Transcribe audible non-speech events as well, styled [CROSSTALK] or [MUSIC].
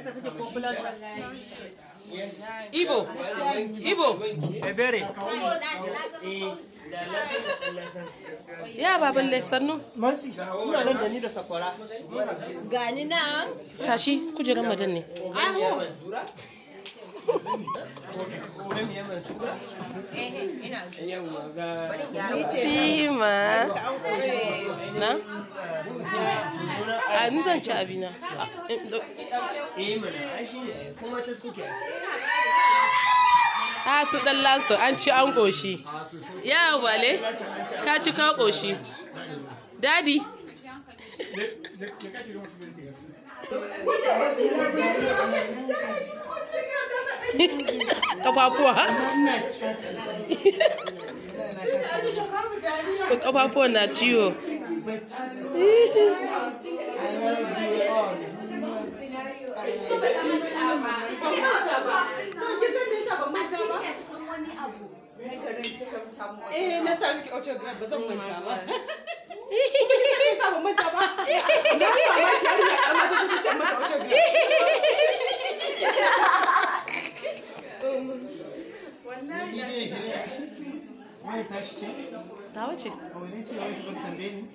Ibu, ibu, popular Ibo, Ibo, Ebere. Ya baban sannu. Mansi, muna nan da ni da sakwara. Gani na? Tashi, kujerar madan ne. Aho. Sima. Na? a ni zan ci abina a su dan an ci an koshi ya wale ka ci ka koshi dadi kafafuwa [LAUGHS] kafafuwa [LAUGHS] na ciwo [LAUGHS] Eh na ba